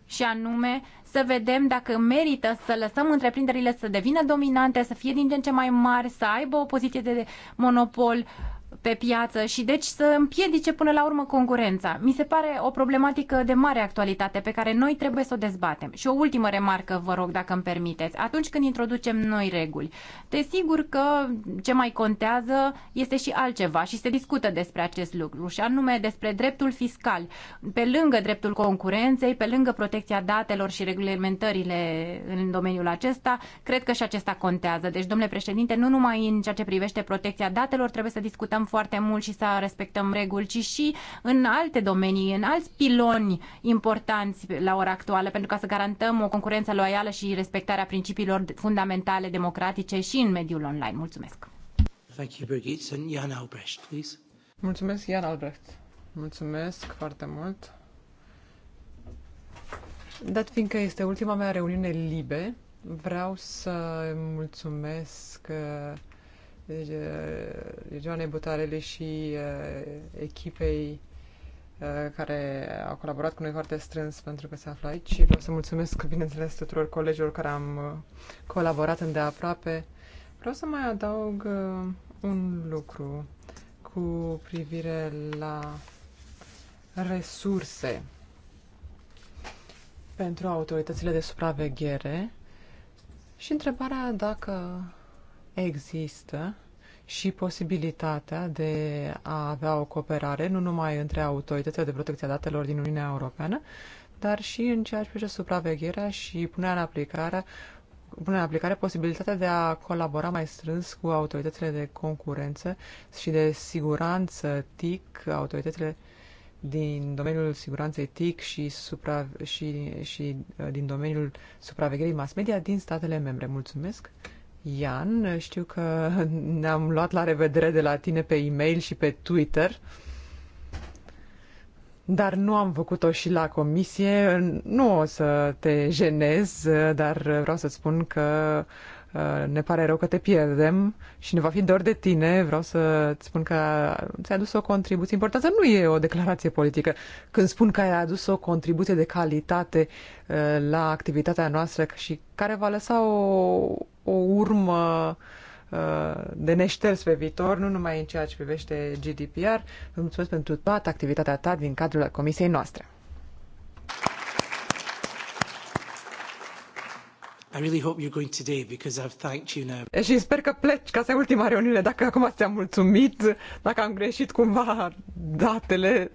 și anume să vedem dacă merită să lăsăm întreprinderile să devină dominante, să fie din ce în ce mai mari, să aibă o poziție de monopol uh, pe piață și deci să împiedice până la urmă concurența. Mi se pare o problematică de mare actualitate pe care noi trebuie să o dezbatem. Și o ultimă remarcă, vă rog, dacă îmi permiteți. Atunci când introducem noi reguli, desigur că ce mai contează este și altceva și se discută despre acest lucru și anume despre dreptul fiscal. Pe lângă dreptul concurenței, pe lângă protecția datelor și reglementările în domeniul acesta, cred că și acesta contează. Deci, domnule președinte, nu numai în ceea ce privește protecția datelor, trebuie să discutăm foarte mult și să respectăm reguli, ci și în alte domenii, în alți piloni importanți la ora actuală, pentru ca să garantăm o concurență loială și respectarea principiilor fundamentale democratice și în mediul online. Mulțumesc! Thank you, Birgit. And Jan Albrecht, please. Mulțumesc, Jan Albrecht. Mulțumesc foarte mult. Dat fiindcă este ultima mea reuniune libe, vreau să mulțumesc uh, deci, uh, Joanei Butarele și uh, echipei uh, care au colaborat cu noi foarte strâns pentru că se află aici și vreau să mulțumesc, bineînțeles, tuturor colegilor care am uh, colaborat îndeaproape. Vreau să mai adaug uh, un lucru cu privire la resurse pentru autoritățile de supraveghere și întrebarea dacă există și posibilitatea de a avea o cooperare nu numai între autoritățile de protecție a datelor din Uniunea Europeană, dar și în ceea ce privește supravegherea și punerea în aplicare pune în aplicare posibilitatea de a colabora mai strâns cu autoritățile de concurență și de siguranță TIC, autoritățile din domeniul siguranței TIC și, supra, și, și uh, din domeniul supravegherii mass media din statele membre. Mulțumesc! Ian, știu că ne-am luat la revedere de la tine pe e-mail și pe Twitter, dar nu am făcut-o și la comisie. Nu o să te jenez, dar vreau să spun că Uh, ne pare rău că te pierdem și ne va fi dor de tine. Vreau să ți spun că ți a adus o contribuție importantă. Nu e o declarație politică. Când spun că ai adus o contribuție de calitate uh, la activitatea noastră și care va lăsa o, o urmă uh, de neșters pe viitor, nu numai în ceea ce privește GDPR. Vă mulțumesc pentru toată activitatea ta din cadrul comisiei noastre. I really hope you're going today because I've thanked you now. Și sper că pleci, că asta e ultima reuniune. Dacă acum ți-am mulțumit, dacă am greșit cumva datele,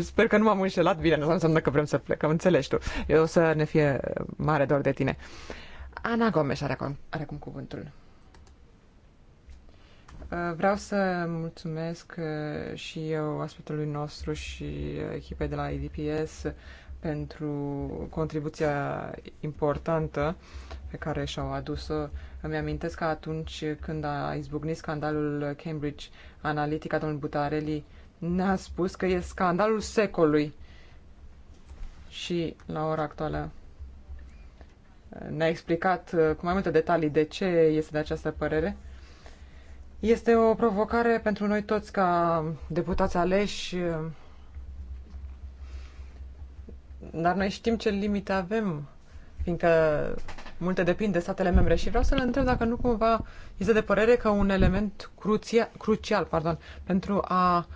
sper că nu m-am înșelat bine. Asta înseamnă că vrem să plecăm, înțelegi tu. Eu o să ne fie mare dor de tine. Ana Gomes are acum, are acum cuvântul. Vreau să mulțumesc uh, și eu aspectului nostru și echipei de la IDPS pentru contribuția importantă pe care și-au adus-o. Îmi amintesc că atunci când a izbucnit scandalul Cambridge Analytica, domnul Butarelli ne-a spus că e scandalul secolului. Și la ora actuală ne-a explicat uh, cu mai multe detalii de ce este de această părere. Este o provocare pentru noi toți ca deputați aleși uh, dar noi știm ce limite avem, fiindcă multe depind de statele membre și vreau să l întreb dacă nu cumva este de părere că un element cruția, crucial pardon, pentru a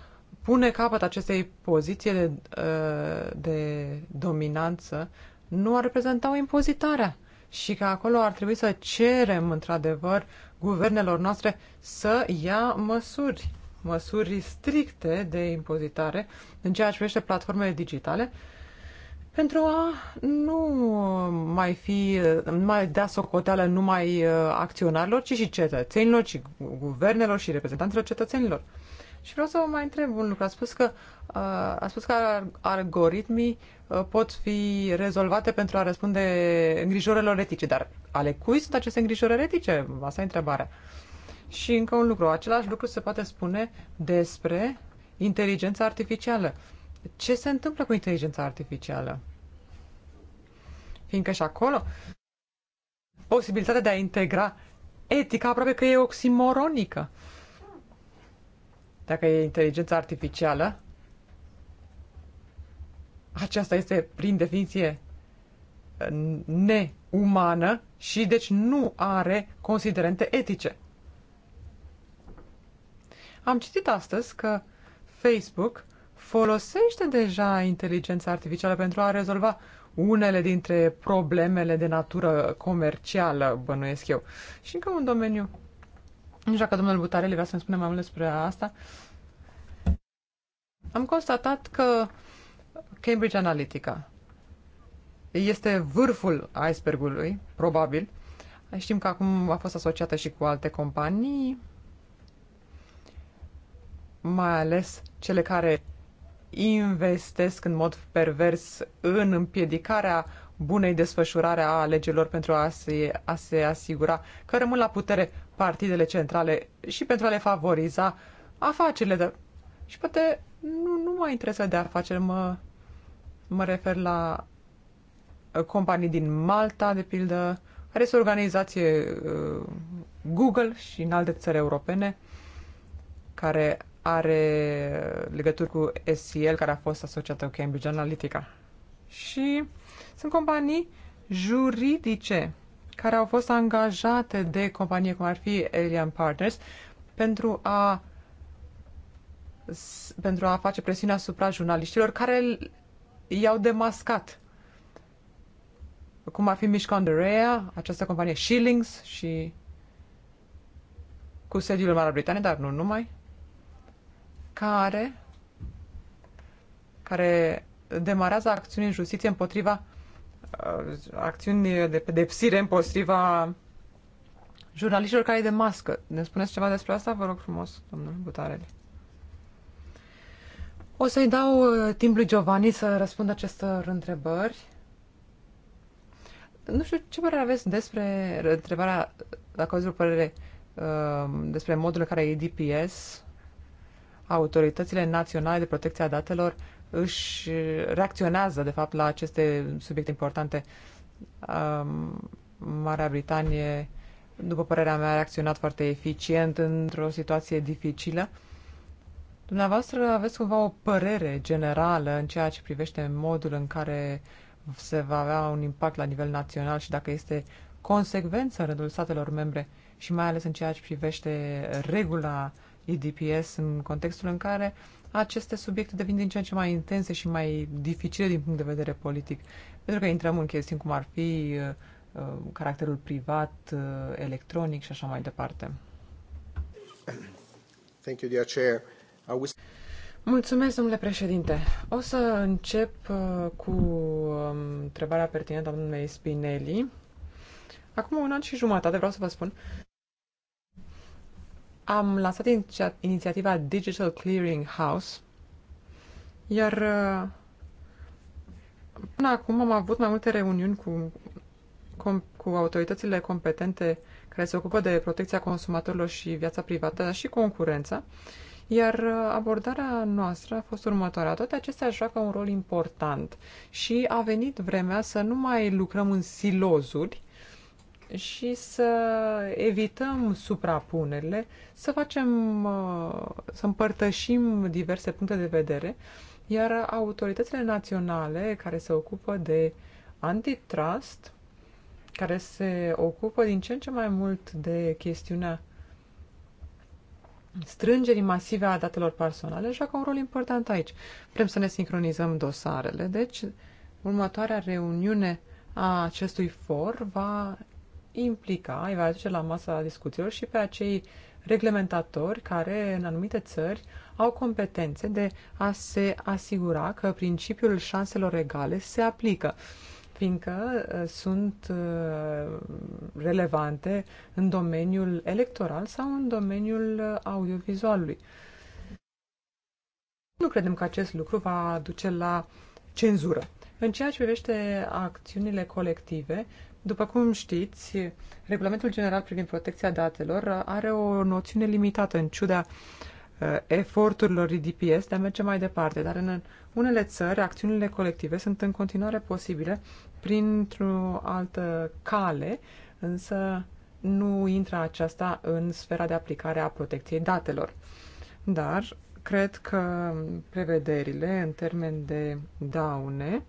pune capăt acestei poziții de, uh, de dominanță nu ar reprezenta o impozitare și că acolo ar trebui să cerem, într-adevăr, guvernelor noastre să ia măsuri, măsuri stricte de impozitare în ceea ce privește platformele digitale, pentru a nu mai fi, mai da socoteală numai uh, acționarilor, ci și cetățenilor, și guvernelor și reprezentanților cetățenilor. Și vreau să vă mai întreb un lucru. A spus că, uh, a spus că algoritmii uh, pot fi rezolvate pentru a răspunde îngrijorelor etice, dar ale cui sunt aceste îngrijorări etice? Asta e întrebarea. Și încă un lucru. Același lucru se poate spune despre inteligența artificială ce se întâmplă cu inteligența artificială. Fiindcă și acolo posibilitatea de a integra etica aproape că e oximoronică. Dacă e inteligența artificială, aceasta este, prin definiție, neumană și deci nu are considerente etice. Am citit astăzi că Facebook folosește deja inteligența artificială pentru a rezolva unele dintre problemele de natură comercială, bănuiesc eu. Și încă un domeniu, nu știu dacă domnul Butarele vrea să-mi spune mai mult despre asta, am constatat că Cambridge Analytica este vârful icebergului, probabil. Știm că acum a fost asociată și cu alte companii, mai ales cele care investesc în mod pervers în împiedicarea bunei desfășurare a alegerilor pentru a se, a se asigura că rămân la putere partidele centrale și pentru a le favoriza afacerile. De... Și poate nu, nu mă interesează de afaceri, mă, mă refer la companii din Malta, de pildă, care este o organizație uh, Google și în alte țări europene, care are legături cu SCL, care a fost asociată cu Cambridge Analytica. Și sunt companii juridice care au fost angajate de companie cum ar fi Alien Partners pentru a pentru a face presiune asupra jurnaliștilor care i-au demascat. Cum ar fi Mishkonderea, această companie Shillings și cu sediul în Marea Britanie, dar nu numai care, care demarează acțiuni în justiție împotriva uh, acțiuni de pedepsire împotriva jurnaliștilor care e de mască. Ne spuneți ceva despre asta? Vă rog frumos, domnul Butarele. O să-i dau uh, timp lui Giovanni să răspundă acestor întrebări. Nu știu ce părere aveți despre întrebarea, dacă aveți o părere, uh, despre modul în care e DPS autoritățile naționale de protecție a datelor își reacționează, de fapt, la aceste subiecte importante. Um, Marea Britanie, după părerea mea, a reacționat foarte eficient într-o situație dificilă. Dumneavoastră aveți cumva o părere generală în ceea ce privește modul în care se va avea un impact la nivel național și dacă este consecvență rândul statelor membre și mai ales în ceea ce privește regula uh, EDPS în contextul în care aceste subiecte devin din ce în ce mai intense și mai dificile din punct de vedere politic, pentru că intrăm în chestiuni cum ar fi uh, uh, caracterul privat, uh, electronic și așa mai departe. Thank you, dear chair. was... Mulțumesc, domnule președinte. O să încep cu um, întrebarea pertinentă a domnului Spinelli. Acum un an și jumătate, vreau să vă spun, am lansat inițiativa Digital Clearing House, iar uh, până acum am avut mai multe reuniuni cu, cu, cu autoritățile competente care se ocupă de protecția consumatorilor și viața privată, dar și concurența. Iar uh, abordarea noastră a fost următoarea. Toate acestea joacă un rol important și a venit vremea să nu mai lucrăm în silozuri, și să evităm suprapunerile, să facem, uh, să împărtășim diverse puncte de vedere, iar autoritățile naționale care se ocupă de antitrust, care se ocupă din ce în ce mai mult de chestiunea strângerii masive a datelor personale joacă un rol important aici. Vrem să ne sincronizăm dosarele, deci următoarea reuniune a acestui for va implica, îi va aduce la masa discuțiilor și pe acei reglementatori care în anumite țări au competențe de a se asigura că principiul șanselor egale se aplică, fiindcă uh, sunt uh, relevante în domeniul electoral sau în domeniul uh, audiovizualului. Nu credem că acest lucru va duce la cenzură. În ceea ce privește acțiunile colective, după cum știți, Regulamentul General privind protecția datelor are o noțiune limitată în ciuda uh, eforturilor IDPS de a merge mai departe, dar în unele țări acțiunile colective sunt în continuare posibile printr-o altă cale, însă nu intră aceasta în sfera de aplicare a protecției datelor. Dar cred că prevederile în termen de daune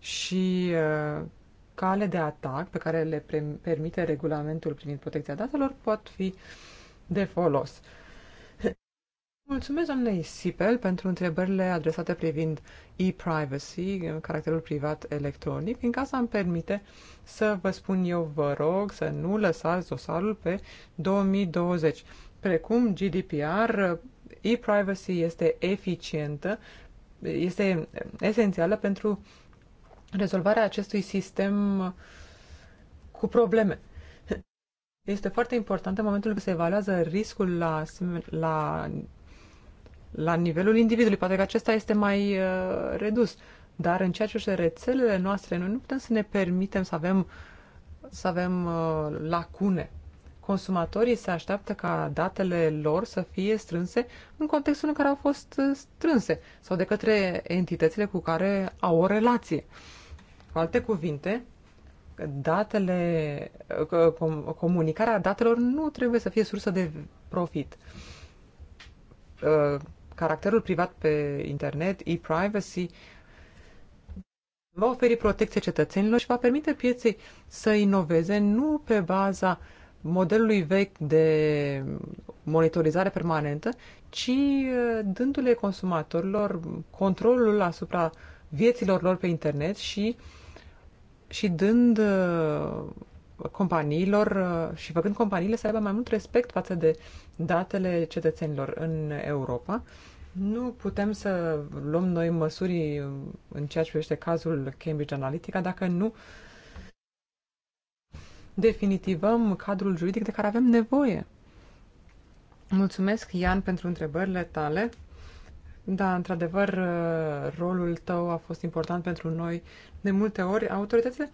și uh, cale de atac pe care le permite regulamentul privind protecția datelor pot fi de folos. Mulțumesc, doamnei Sipel, pentru întrebările adresate privind e-privacy, caracterul privat electronic, fiindcă asta îmi permite să vă spun eu, vă rog, să nu lăsați dosarul pe 2020. Precum GDPR, e-privacy este eficientă, este esențială pentru rezolvarea acestui sistem uh, cu probleme. Este foarte important în momentul în care se evaluează riscul la, la, la nivelul individului. Poate că acesta este mai uh, redus. Dar în ceea ce și rețelele noastre, noi nu putem să ne permitem să avem, să avem uh, lacune consumatorii se așteaptă ca datele lor să fie strânse în contextul în care au fost strânse sau de către entitățile cu care au o relație. Cu alte cuvinte, datele, comunicarea datelor nu trebuie să fie sursă de profit. Ă, caracterul privat pe internet, e-privacy, va oferi protecție cetățenilor și va permite pieței să inoveze nu pe baza modelului vechi de monitorizare permanentă, ci uh, dându-le consumatorilor controlul asupra vieților lor pe internet și, și dând uh, companiilor uh, și făcând companiile să aibă mai mult respect față de datele cetățenilor în Europa. Nu putem să luăm noi măsuri în ceea ce privește cazul Cambridge Analytica dacă nu uh, definitivăm cadrul juridic de care avem nevoie. Mulțumesc, Ian, pentru întrebările tale. Da, într-adevăr, uh, rolul tău a fost important pentru noi. De multe ori, autoritățile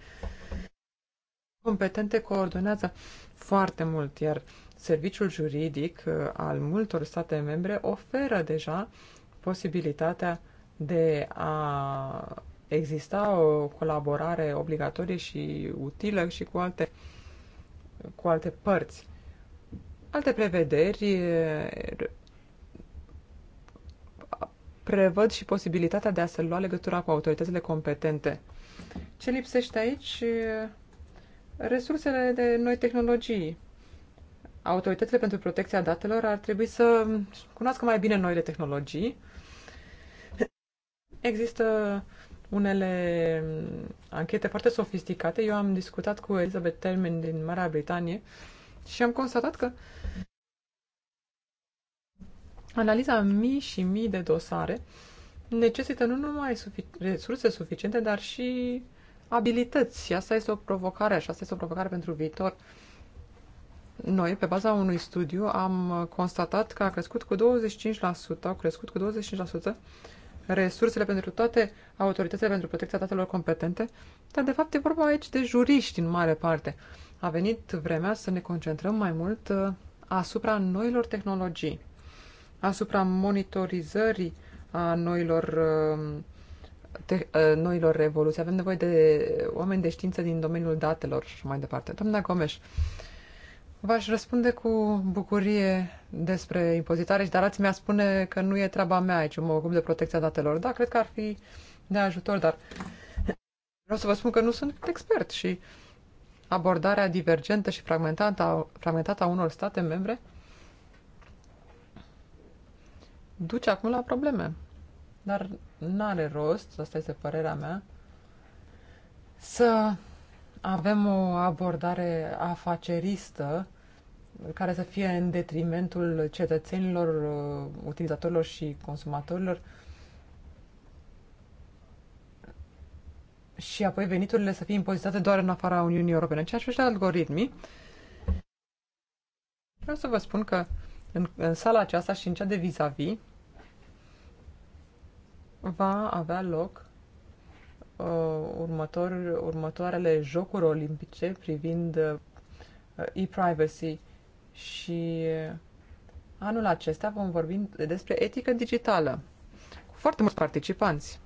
competente coordonează foarte mult, iar serviciul juridic uh, al multor state membre oferă deja posibilitatea de a exista o colaborare obligatorie și utilă și cu alte cu alte părți. Alte prevederi prevăd și posibilitatea de a se lua legătura cu autoritățile competente. Ce lipsește aici? Resursele de noi tehnologii. Autoritățile pentru protecția datelor ar trebui să cunoască mai bine noile tehnologii. Există unele mm, anchete foarte sofisticate. Eu am discutat cu Elizabeth Termin din Marea Britanie și am constatat că analiza mii și mii de dosare necesită nu numai sufic- resurse suficiente, dar și abilități. Și asta este o provocare și asta este o provocare pentru viitor. Noi, pe baza unui studiu, am constatat că a crescut cu 25%, au crescut cu 25% resursele pentru toate autoritățile pentru protecția datelor competente, dar de fapt e vorba aici de juriști în mare parte. A venit vremea să ne concentrăm mai mult uh, asupra noilor tehnologii, asupra monitorizării a uh, noilor, uh, te, noilor revoluții. Avem nevoie de oameni de știință din domeniul datelor și mai departe. Doamna Gomes, V-aș răspunde cu bucurie despre impozitare și dar ați mi-a spune că nu e treaba mea aici, mă ocup de protecția datelor. Da, cred că ar fi de ajutor, dar vreau să vă spun că nu sunt expert și abordarea divergentă și fragmentată, fragmentată a unor state membre duce acum la probleme. Dar n-are rost, asta este părerea mea, să avem o abordare afaceristă care să fie în detrimentul cetățenilor, uh, utilizatorilor și consumatorilor. Și apoi veniturile să fie impozitate doar în afara Uniunii Europene. Ceea ce privește algoritmii, vreau să vă spun că în, în sala aceasta și în cea de vis-a-vis -vis, va avea loc uh, următor, următoarele jocuri olimpice privind uh, e-privacy și anul acesta vom vorbi despre etică digitală cu foarte mulți participanți.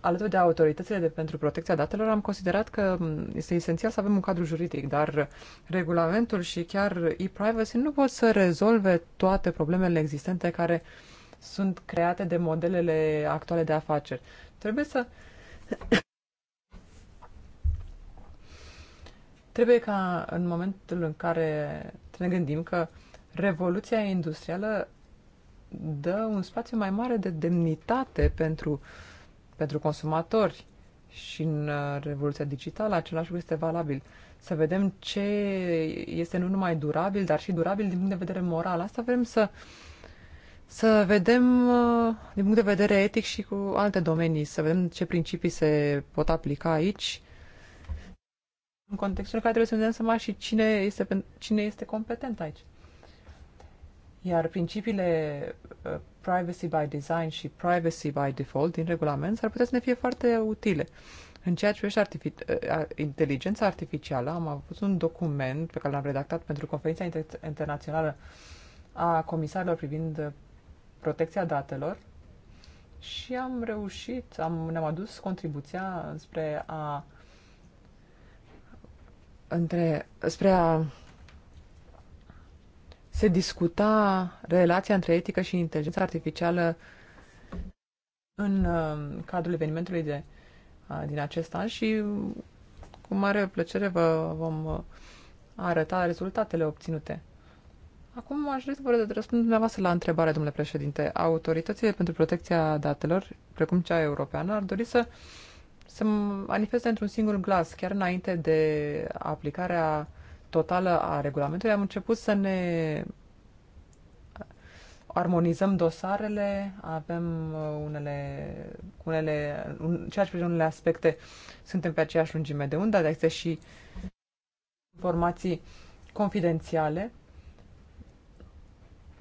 Alături de autoritățile de pentru protecția datelor, am considerat că este esențial să avem un cadru juridic, dar regulamentul și chiar e-privacy nu pot să rezolve toate problemele existente care sunt create de modelele actuale de afaceri. Trebuie să Trebuie ca în momentul în care ne gândim că revoluția industrială dă un spațiu mai mare de demnitate pentru, pentru consumatori și în uh, revoluția digitală același lucru este valabil. Să vedem ce este nu numai durabil, dar și durabil din punct de vedere moral. Asta vrem să, să vedem uh, din punct de vedere etic și cu alte domenii, să vedem ce principii se pot aplica aici în contextul în care trebuie să ne dăm seama și cine este, cine este competent aici. Iar principiile uh, privacy by design și privacy by default din regulament s-ar putea să ne fie foarte utile. În ceea ce privește artific- uh, inteligența artificială, am avut un document pe care l-am redactat pentru conferința inter- internațională a comisarilor privind uh, protecția datelor și am reușit, am, ne-am adus contribuția spre a uh, între, spre a se discuta relația între etică și inteligența artificială în um, cadrul evenimentului de, din acest an și cu mare plăcere vă vom uh, arăta rezultatele obținute. Acum aș vrea să vă răspund dumneavoastră la întrebare, domnule președinte. Autoritățile pentru protecția datelor, precum cea europeană, ar dori să uh, se manifeste într-un singur glas. Chiar înainte de aplicarea totală a regulamentului, am început să ne armonizăm dosarele, avem uh, unele, unele un, ceea ce privește unele aspecte, suntem pe aceeași lungime de undă, dar există și informații confidențiale,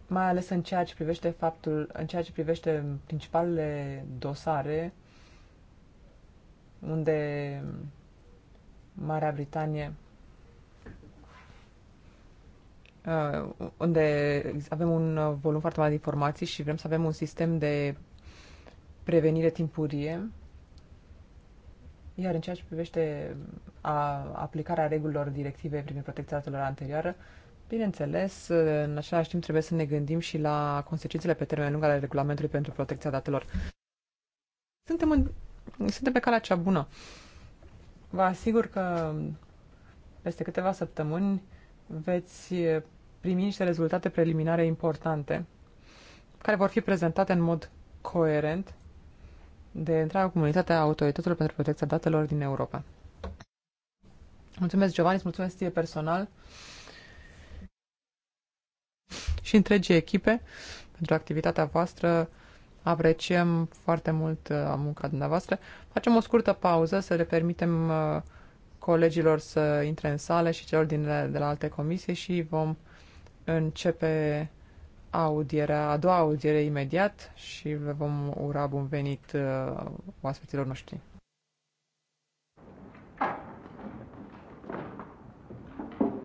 mai ales în ceea ce privește faptul, în ceea ce privește principalele dosare, unde Marea Britanie uh, unde avem un uh, volum foarte mare de informații și vrem să avem un sistem de prevenire timpurie. Iar în ceea ce privește uh, a, aplicarea regulilor directive privind protecția datelor anterioară, bineînțeles, în același timp trebuie să ne gândim și la consecințele pe termen lung ale regulamentului pentru protecția datelor. Suntem în, suntem pe calea cea bună. Vă asigur că peste câteva săptămâni veți primi niște rezultate preliminare importante care vor fi prezentate în mod coerent de întreaga comunitate a autorităților pentru protecția datelor din Europa. Mulțumesc, Giovanni, îți mulțumesc ție personal și întregii echipe pentru activitatea voastră Apreciem foarte mult uh, munca dumneavoastră. Facem o scurtă pauză să le permitem uh, colegilor să intre în sală și celor din, de la alte comisii și vom începe audierea, a doua audiere imediat și le vom ura bun venit uh, oaspeților noștri.